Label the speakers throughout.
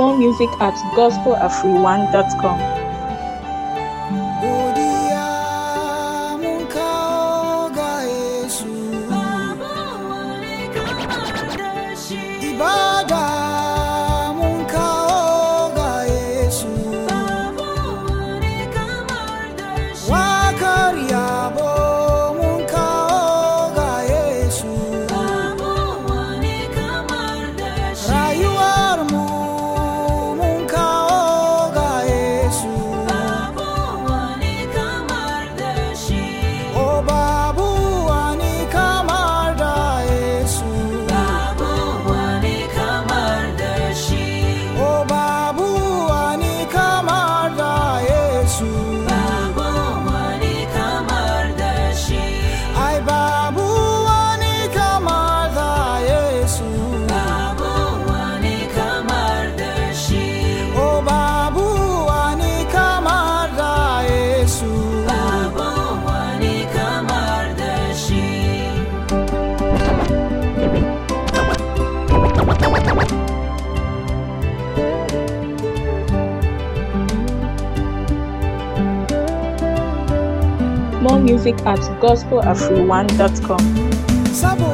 Speaker 1: more music at gospelafriwan.com. at gospelafriwan.com.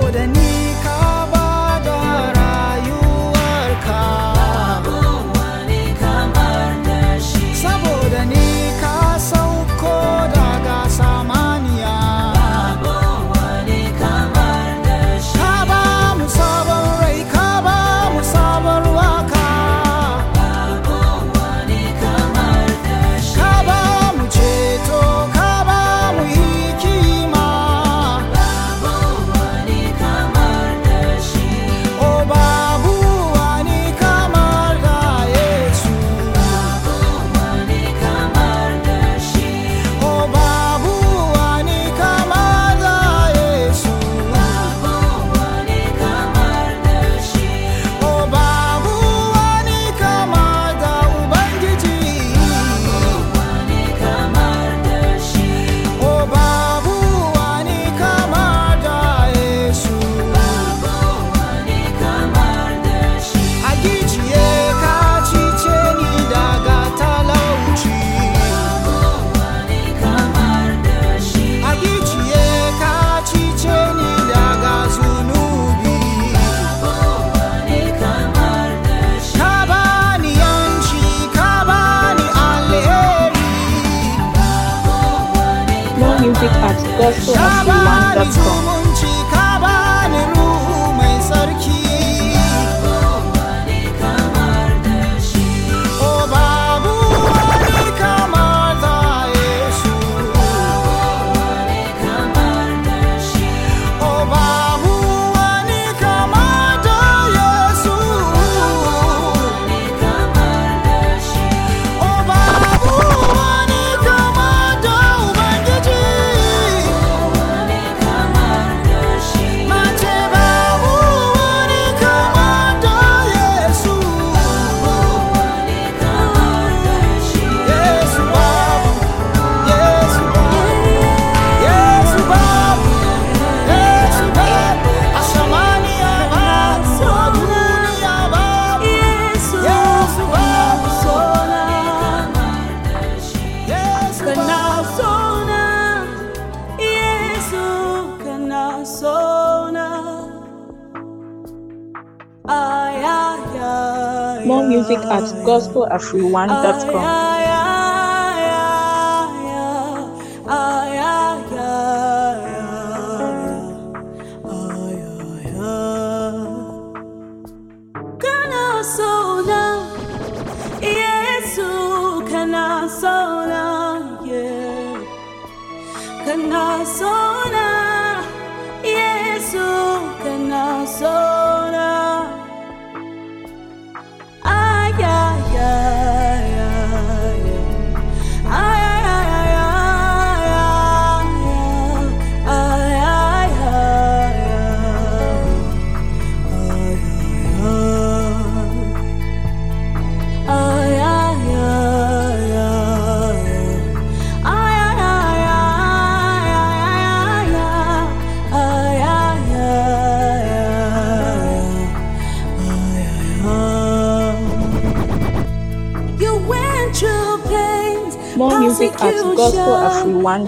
Speaker 1: afriwan.com.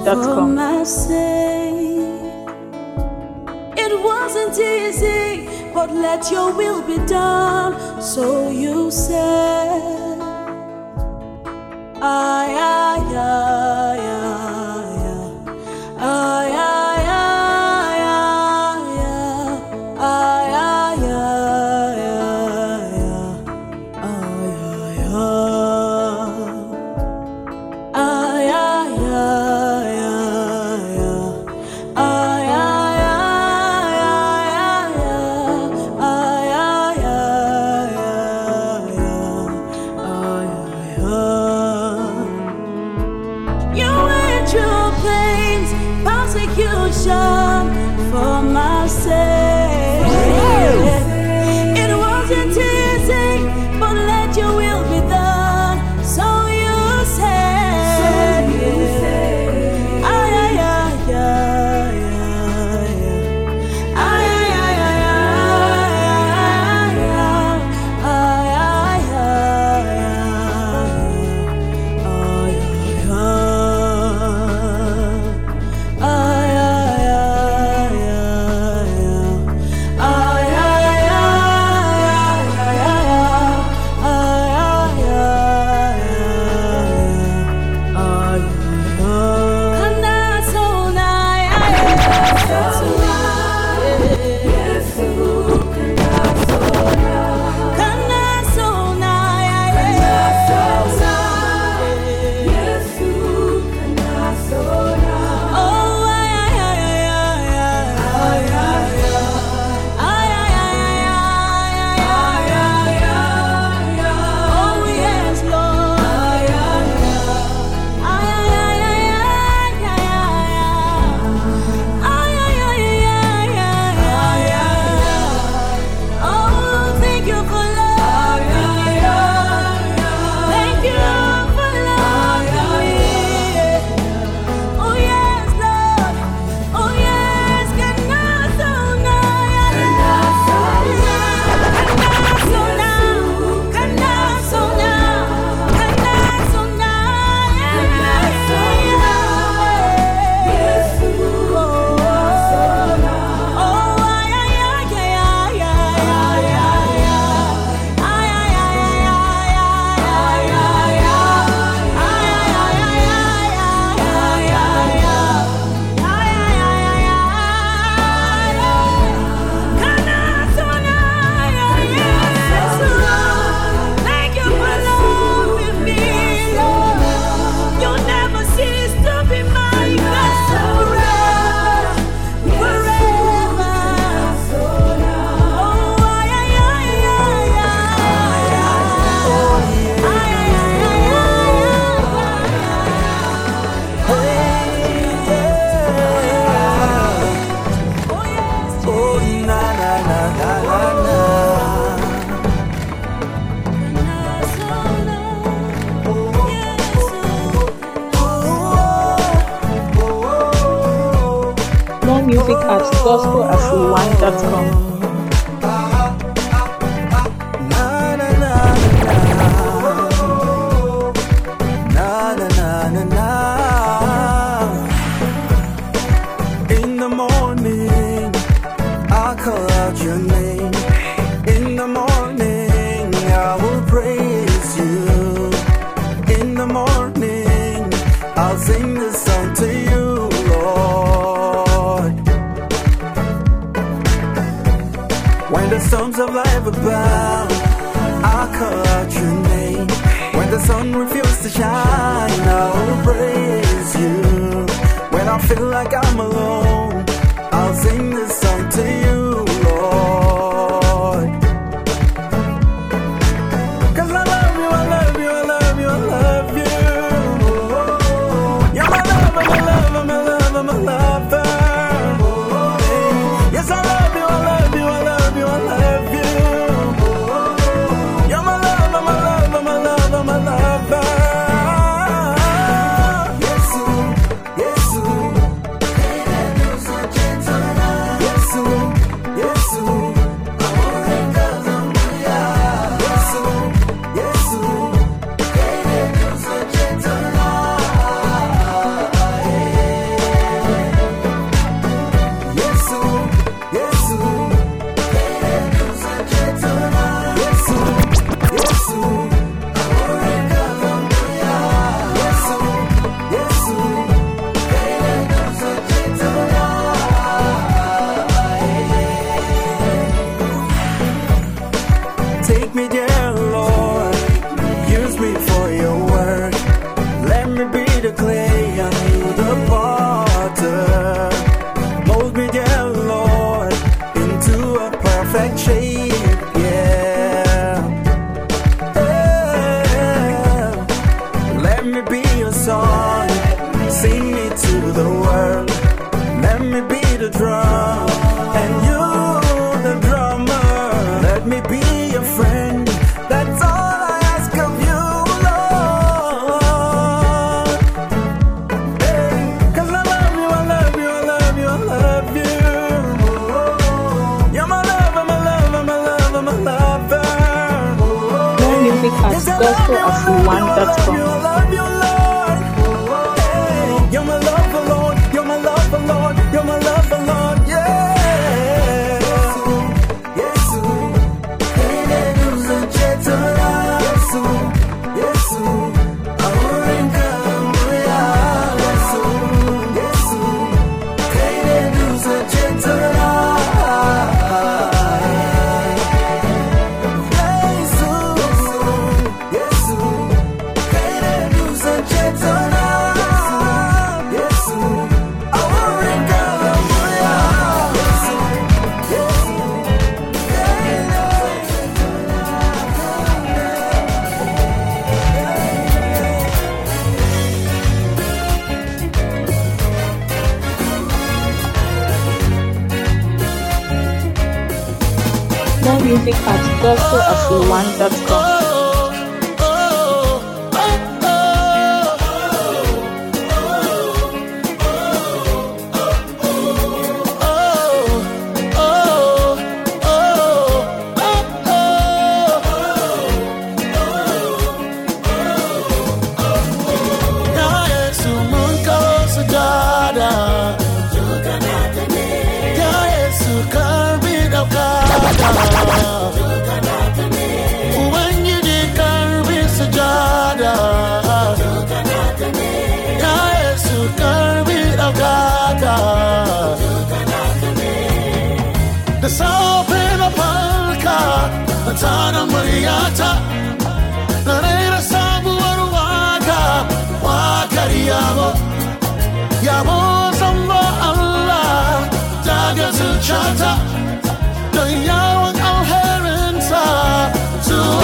Speaker 2: cool.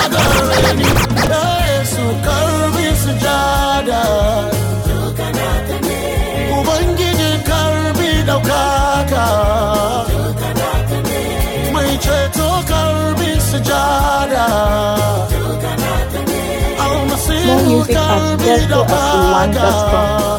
Speaker 3: adoreni Yesu karbi sujada Ubangiji karbi More music at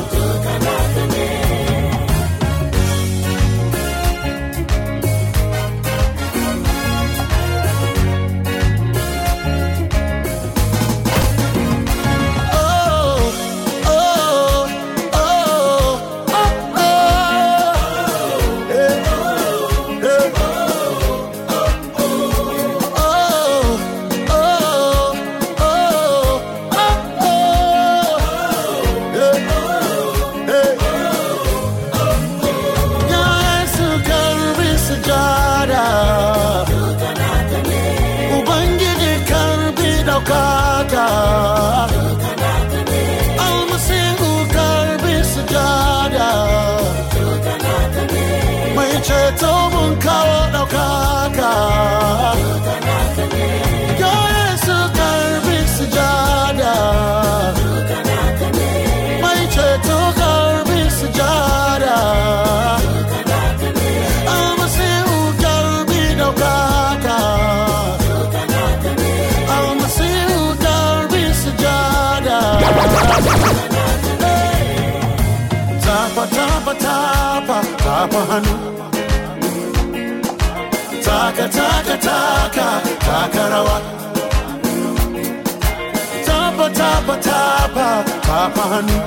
Speaker 3: tapa tapa tapa hannu taka taka taka taka rawa tapa tapa tapa tapa hannu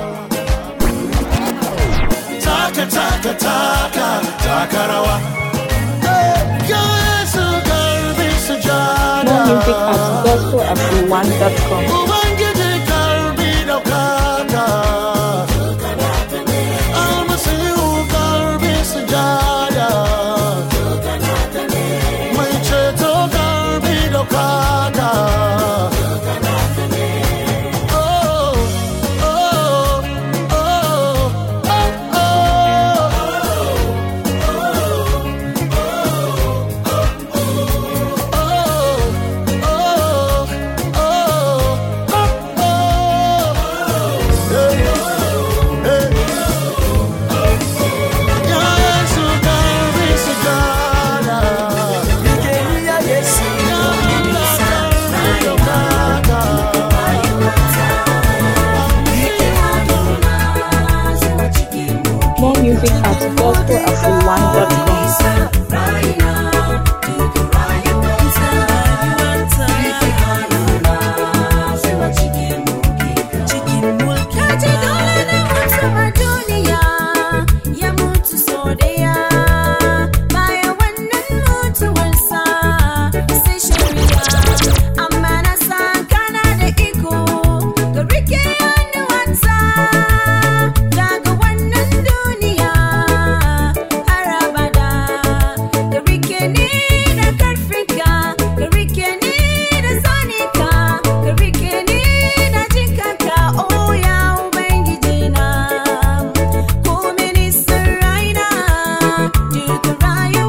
Speaker 3: taka taka taka taka rawa More music at gospelf1.com.
Speaker 1: wonderful.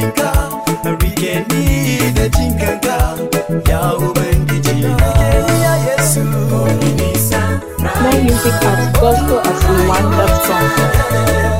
Speaker 4: hannunka rike ni da jin kanka ya ubangiji na ya yesu
Speaker 1: More music at gospel as we wind up song.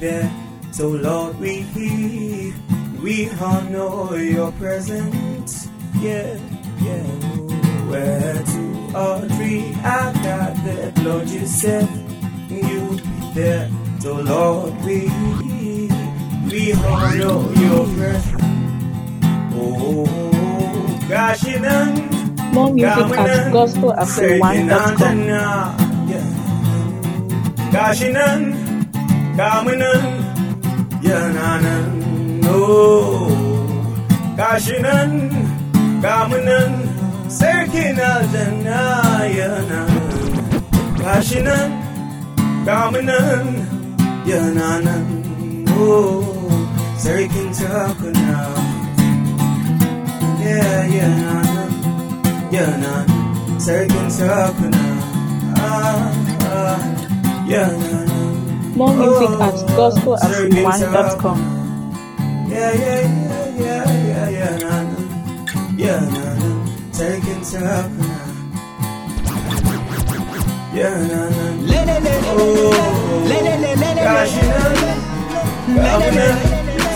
Speaker 5: there. So, Lord, we hear, we honor your presence. Yeah, yeah. Where two or three are gathered, Lord, you said you'd be there. So, Lord, we hear, we honor your presence. Oh, gosh, amen. More music at
Speaker 1: gospelof1.com.
Speaker 5: Gashinan, kamunan yananan, oh. nan no gashi nan kamunan sarkin aljanna yana gashi nan kamunan yana no oh. sarkin takuna yeah yananan, yananan, yana sarkin takuna ah ah yana more music at gospelatrewind.com. Yeah, yeah, yeah, yeah, yeah, yeah, nah, nah. yeah, nah, nah. taking time. Nah. Yeah, nah,
Speaker 6: nah. Le, le, le, oh, le, le, le, le, gosh, you know, governor,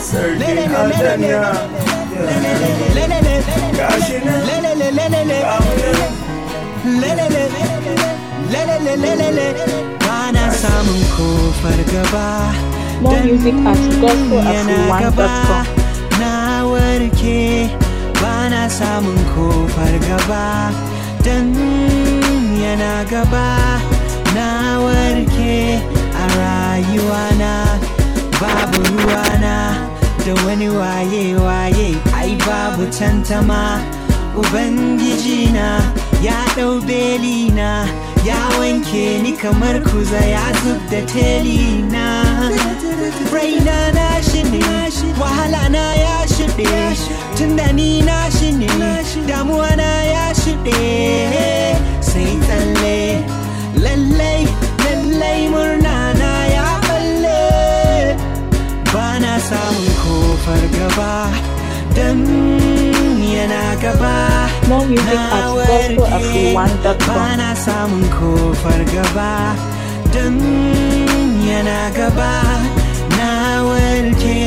Speaker 6: Sergey Aldana. Gosh, you know, governor, le, le, le, le, le, le, le, le, le, le, le, le, le, le, le, le, samun kofar gaba don music gaba na warke ba na samun kofar gaba dan yana gaba na warke a rayuwa na babu ruwana da wani waye-waye ai babu tantama ubangiji na ya ɗau belina ya wanke ni kamar kuza ya zub da telina raina na shi ne wahala na ya tun da ni na shi ne damuwa na ya shiɗe sai tsalle lallai lallai murna na ya balle ba na samun kofar gaba don More music at gospelof1.com. warke bana yana gaba na warke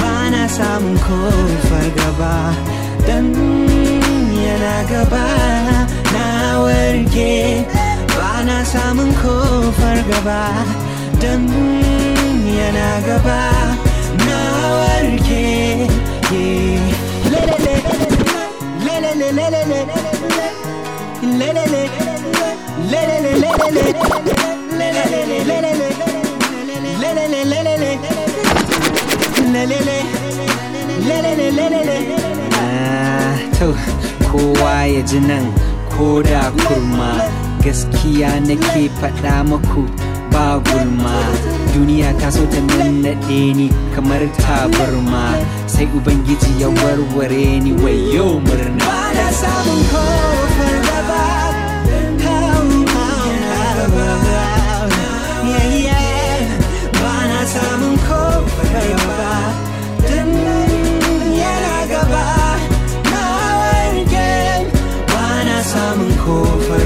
Speaker 6: bana samun ko fargaba dan yana gaba lele ah, kowa ya ji nan ko da kurma gaskiya nake faɗa maku ba gulma duniya ta so ta nannaɗe ni kamar taburma sai ubangiji ya warware ni wayo murna ba da samun kowa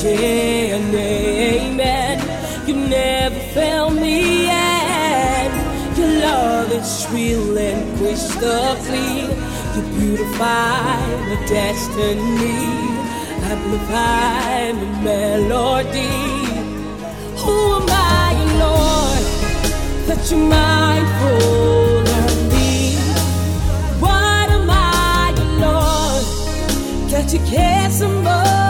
Speaker 2: say an amen. You never fail me yet. Your love is real and crystal clear. You beautify my destiny. Amplify my melody. Who am I, Lord, that you're mindful of me? What am I, Lord, that you care so much?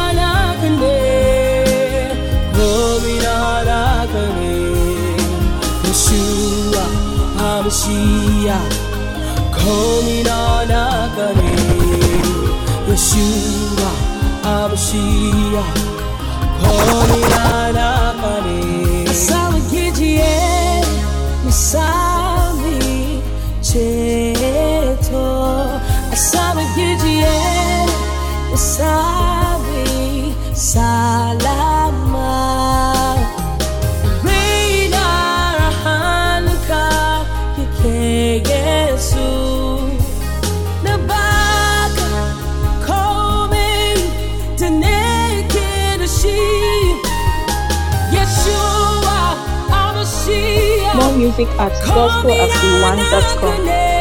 Speaker 2: holding on again. Yeshua, Amashia, holding on again. Messiah, Messiah.
Speaker 1: music at gospeloftheone.com.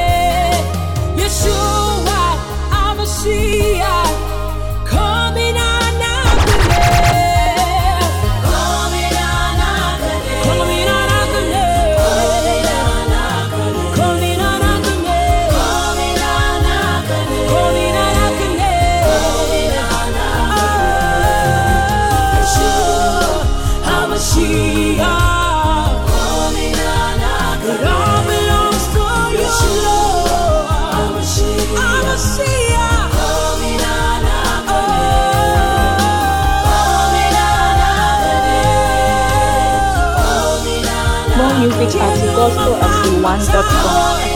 Speaker 1: gospelfc1.com.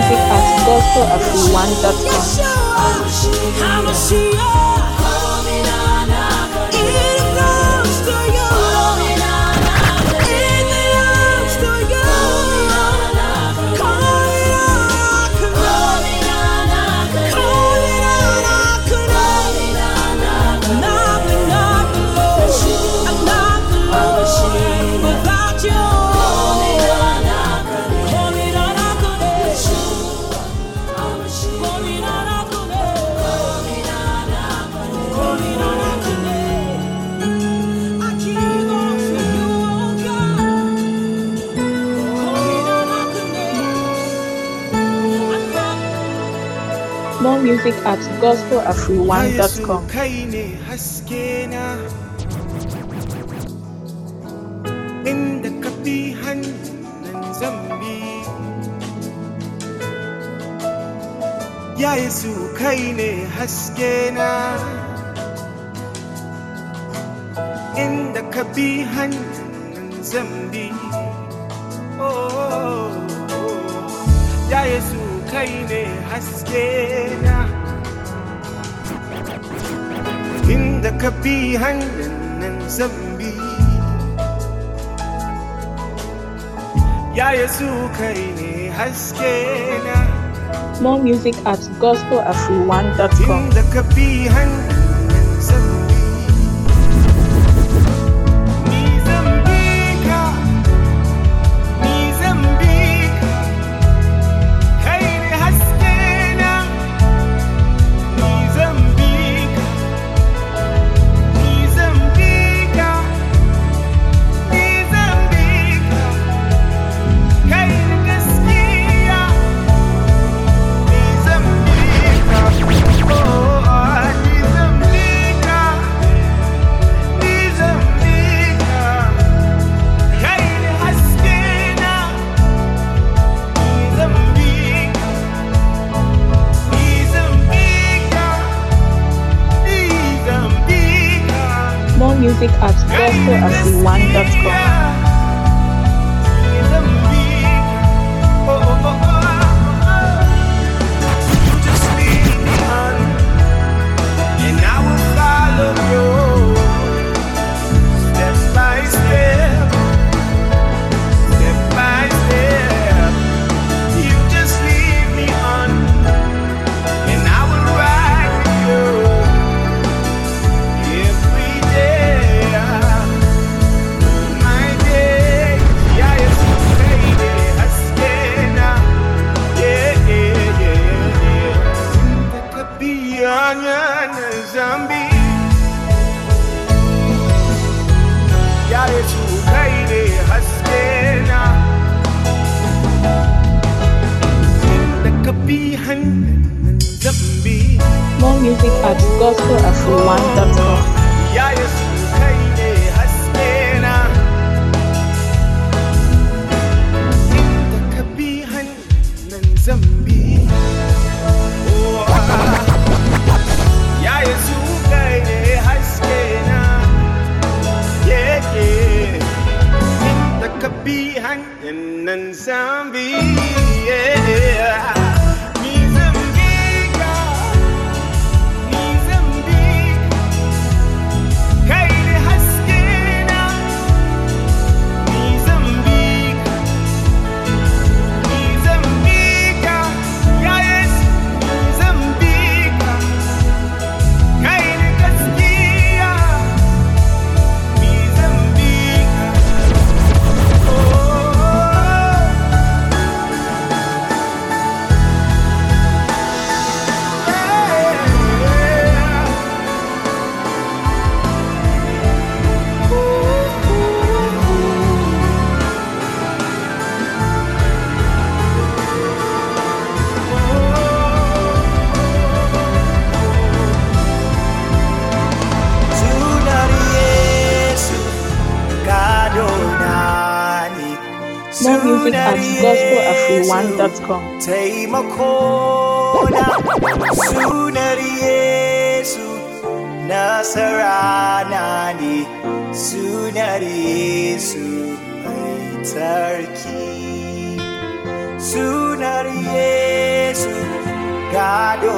Speaker 1: music at gospelafriwan.com. music at gospelafriwan.com.
Speaker 5: Inda ka Ya Yesu kai ne haske na Inda ka bi hannun zambi Oh, oh, oh. Ya Yesu kai ne haske na Hinda kapihan ng zambi Ya Yesu
Speaker 1: kai ne More music at gospelafri1.com. gospelasonline.com.
Speaker 5: Behind and then zombie.
Speaker 4: visit at gospelafriwan.com. Nasarani sunar Yesu mai tarki Yesu gado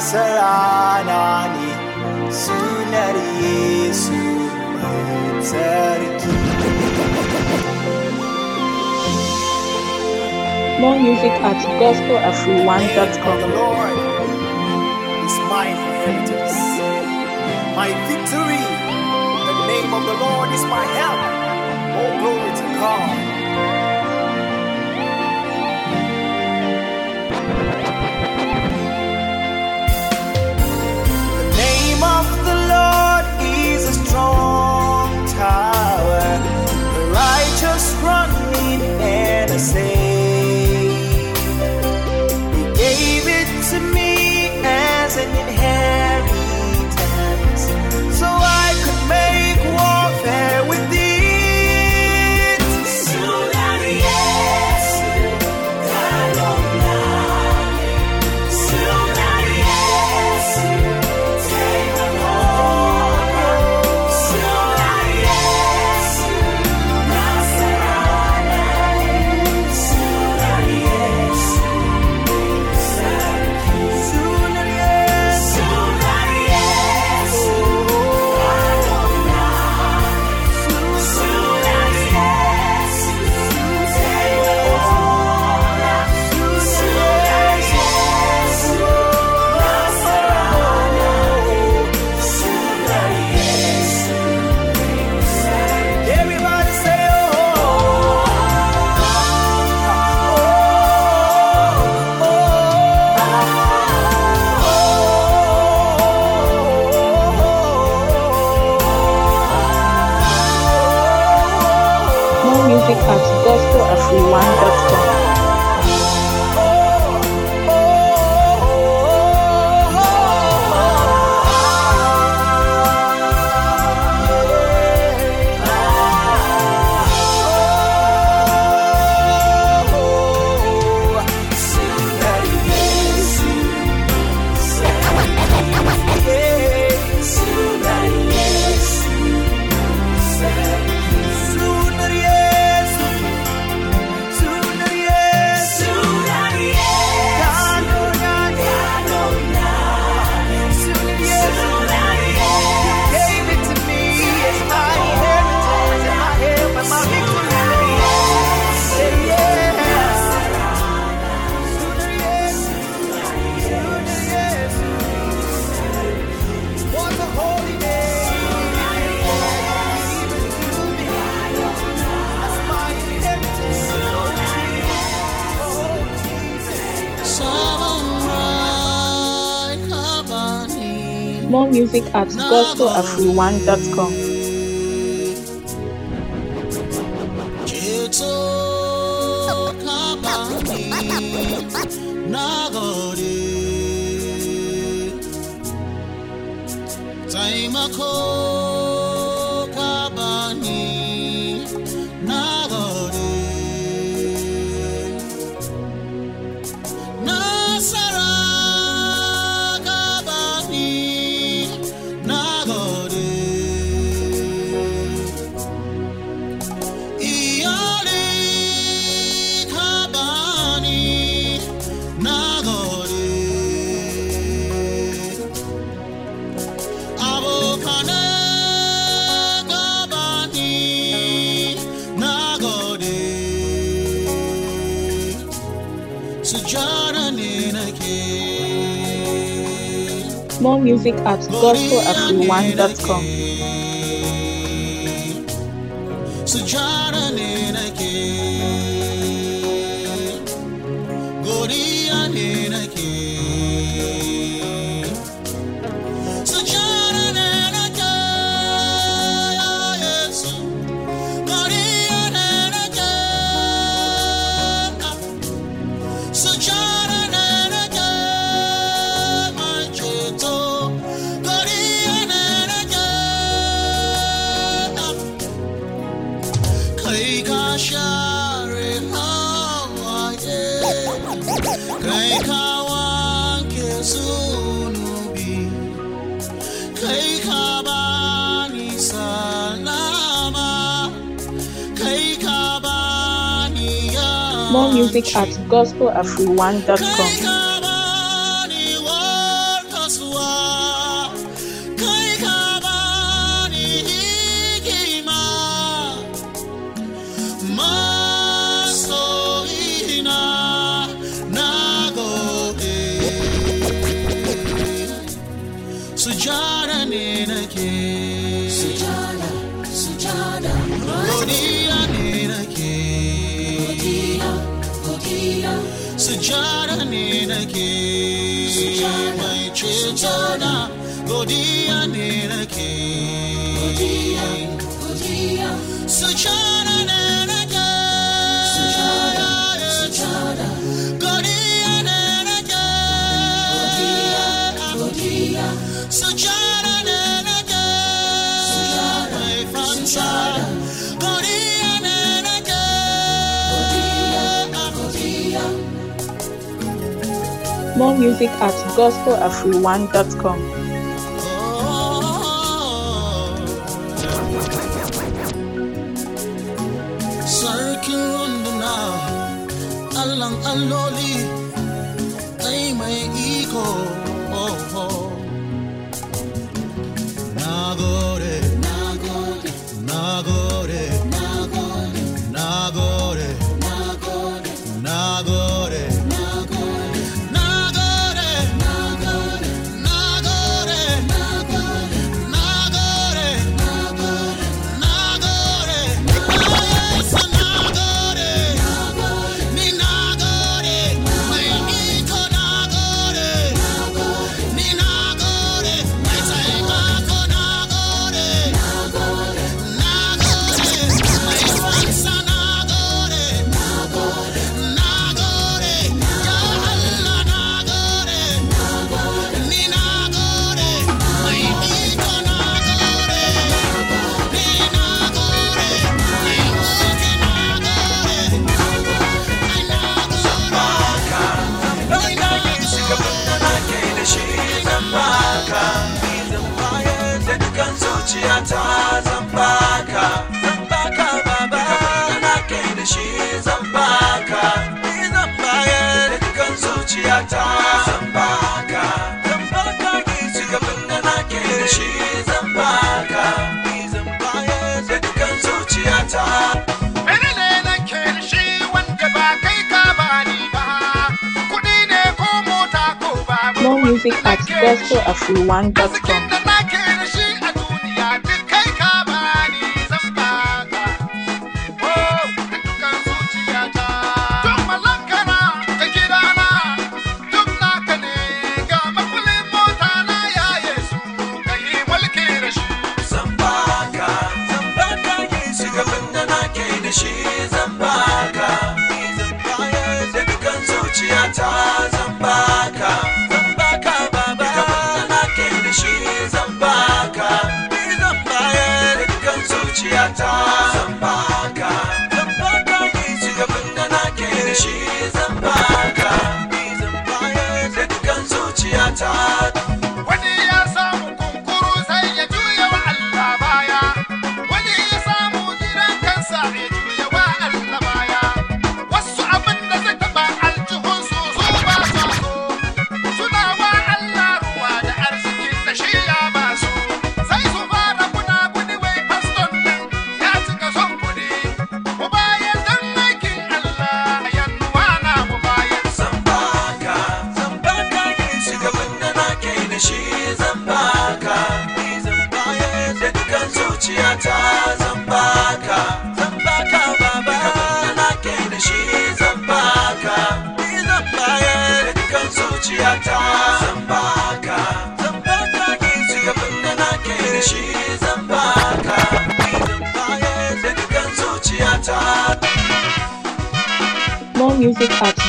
Speaker 4: sarana ne sunar Yesu mai tsarki.
Speaker 1: More music at gospelafriwan.com. The Lord
Speaker 4: is my inheritance, my victory. The name of the Lord is my help. All oh, glory to God.
Speaker 3: name of the Lord is a strong tower. The righteous run in and are saved.
Speaker 1: wonderful. music at gospelafriwan.com. at gospelafrinoine.com. music at gospelafriwan.com. at gospelafriwan.com.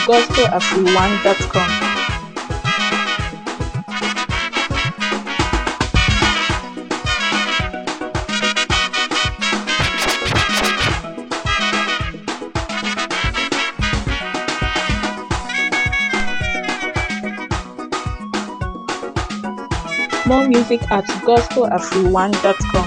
Speaker 1: gospelafriwan.com. More music at gospelafriwan.com.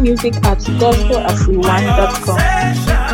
Speaker 1: music at gospelafriwan.com.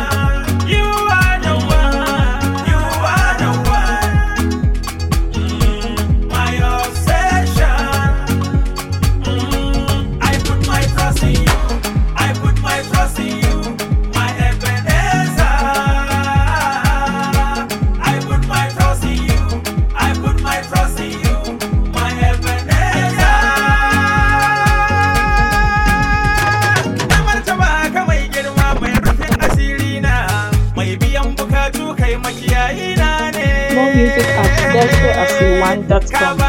Speaker 1: that's cool.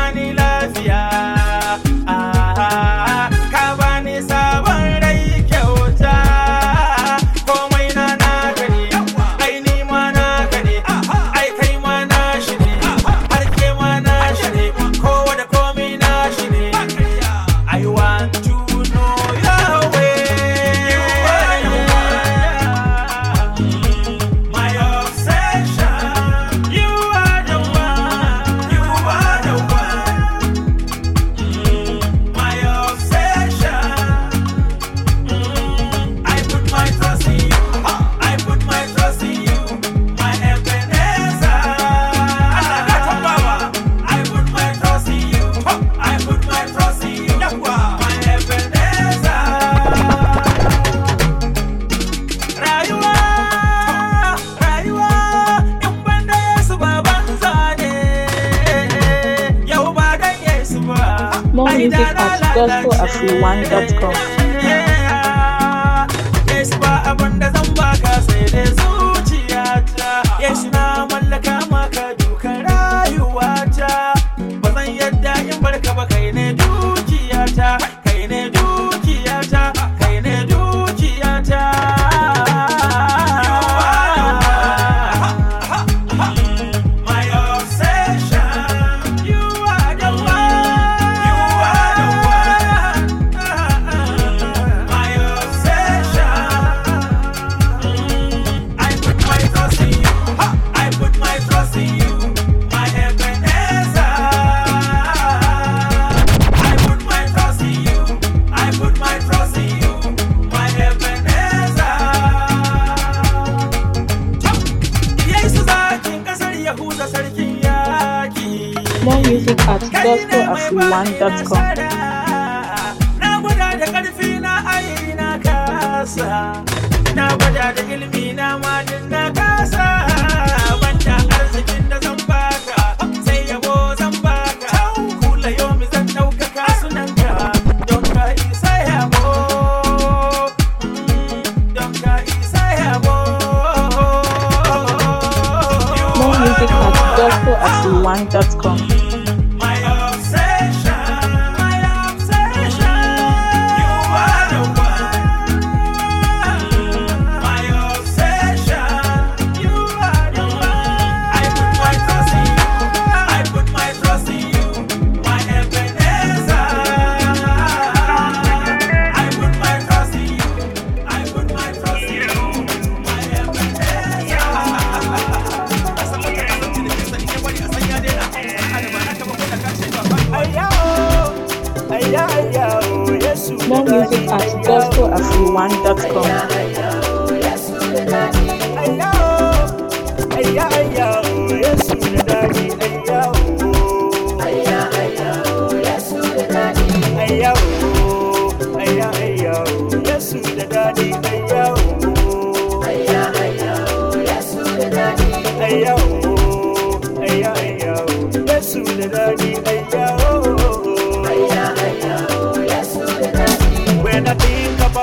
Speaker 1: one.com.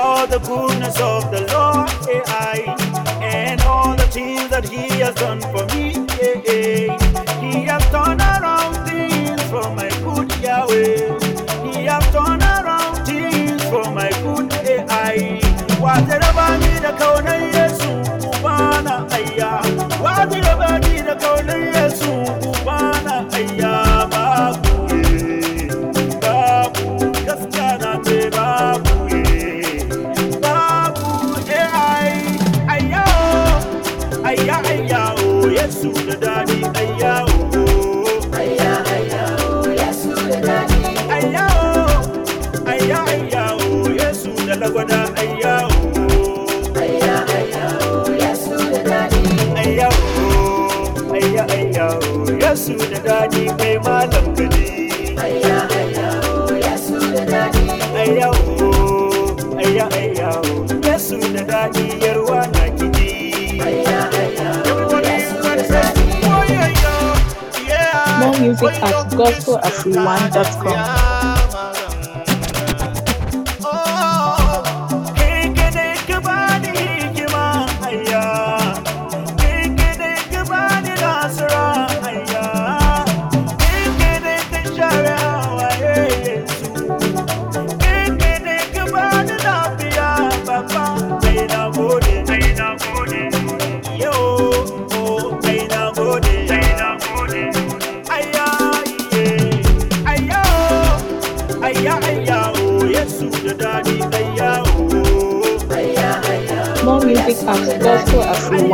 Speaker 7: all the goodness of the Lord, and all the things that He has done for me.
Speaker 1: visit at gospelafriwan.com.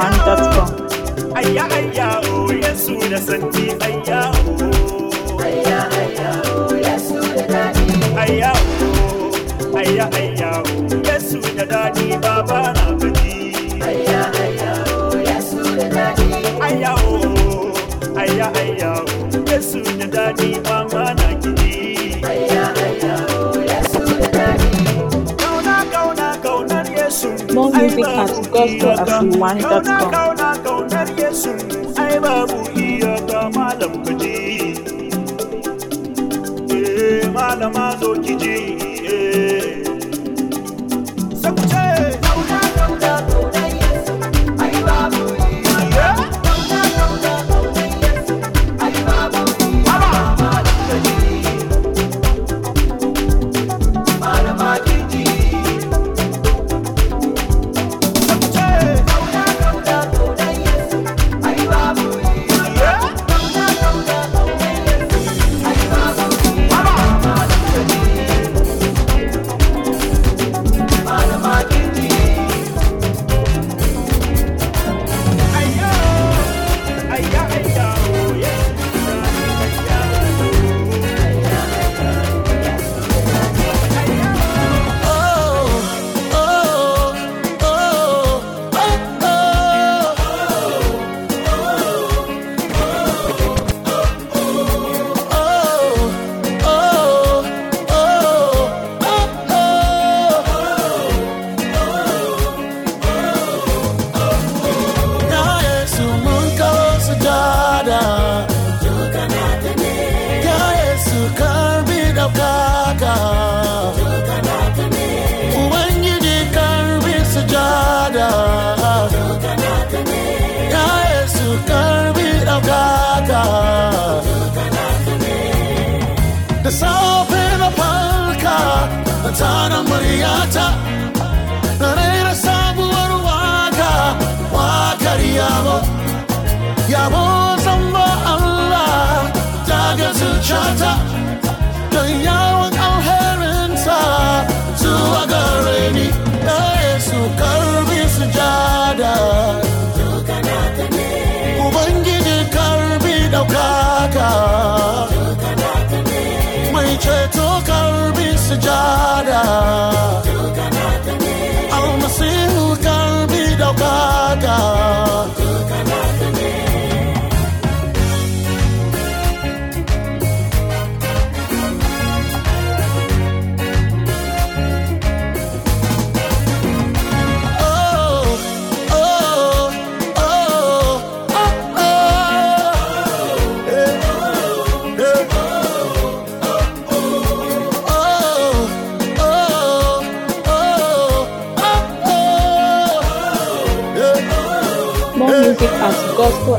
Speaker 7: www.bbc1.com. Aya, aya, oh, yesu, nasanti, aya, oh. Aya, aya, oh, yesu, daddy. Aya, oh, aya, aya, oh, yesu, daddy, baba, na bedi. Aya, aya, oh, yesu, daddy. Aya, oh, aya, aya, oh, yesu, daddy, baba. no music at
Speaker 1: gospelafriwan.com.
Speaker 7: Malama zo ki je
Speaker 3: sujada au masihu kalbi daukaka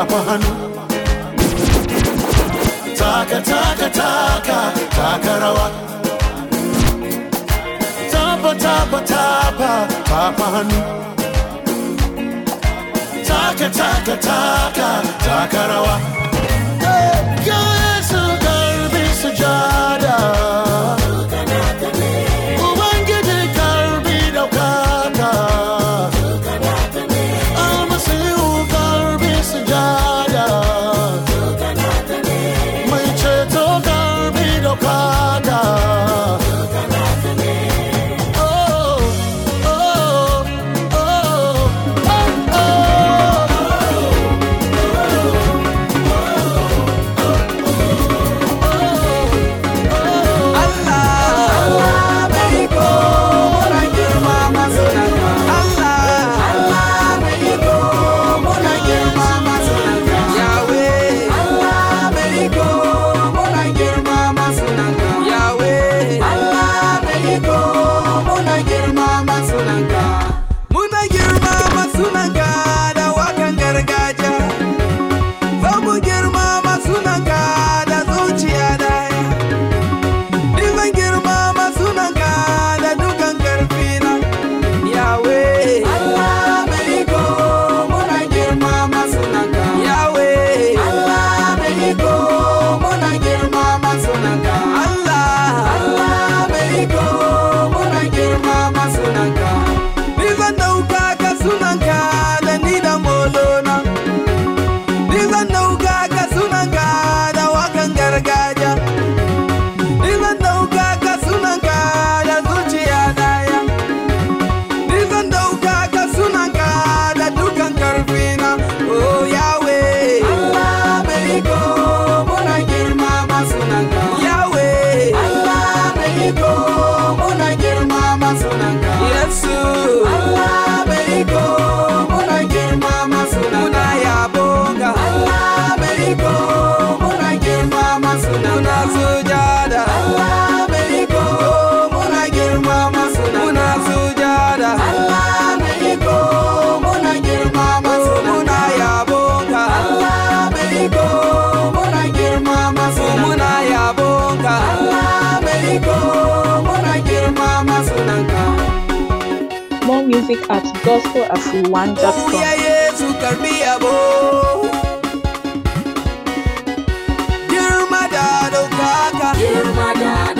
Speaker 3: hapa hannu taka taka taka taka rawa tapa tapa tapa tapa hannu taka taka taka taka rawa
Speaker 1: afruwan.com. Girma da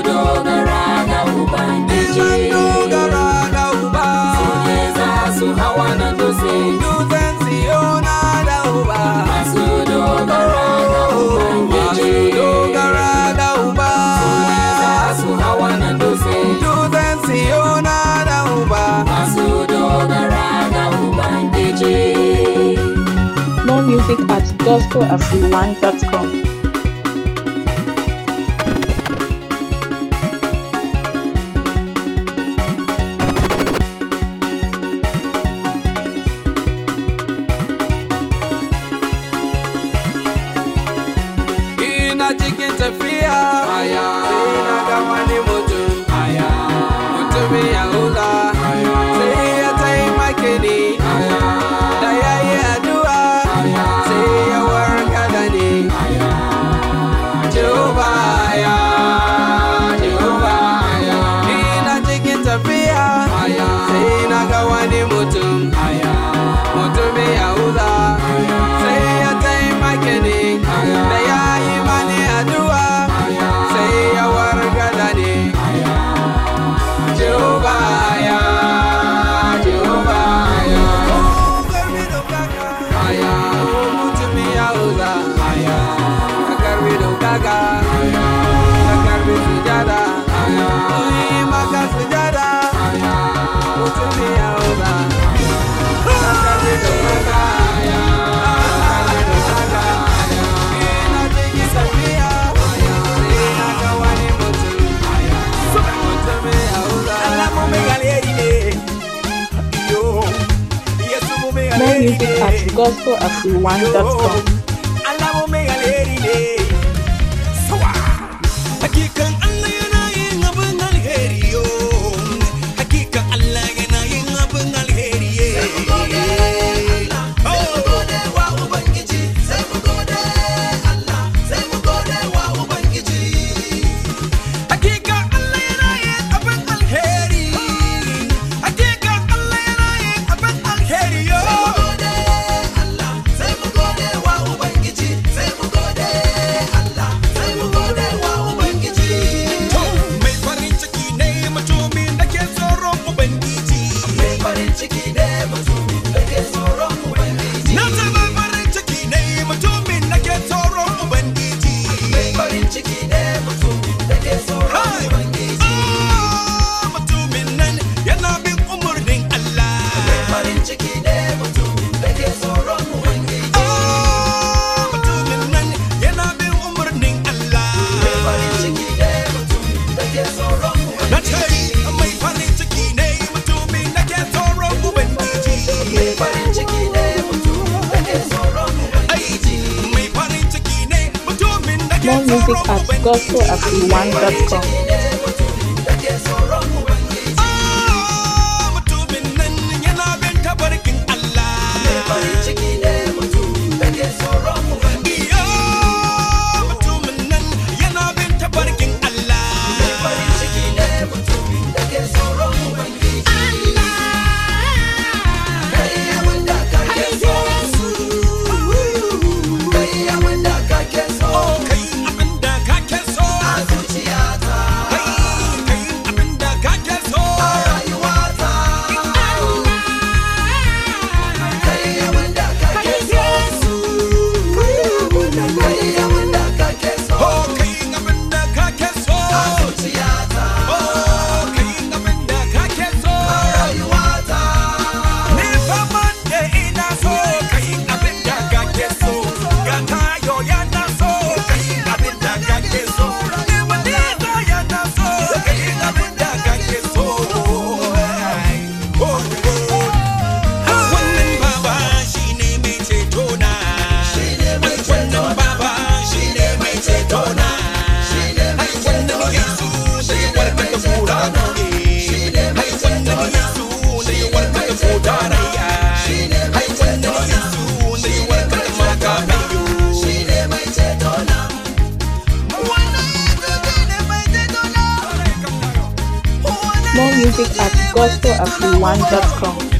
Speaker 1: gospelafriwan.com. gospelofrewine.com. gospelofreeone.com.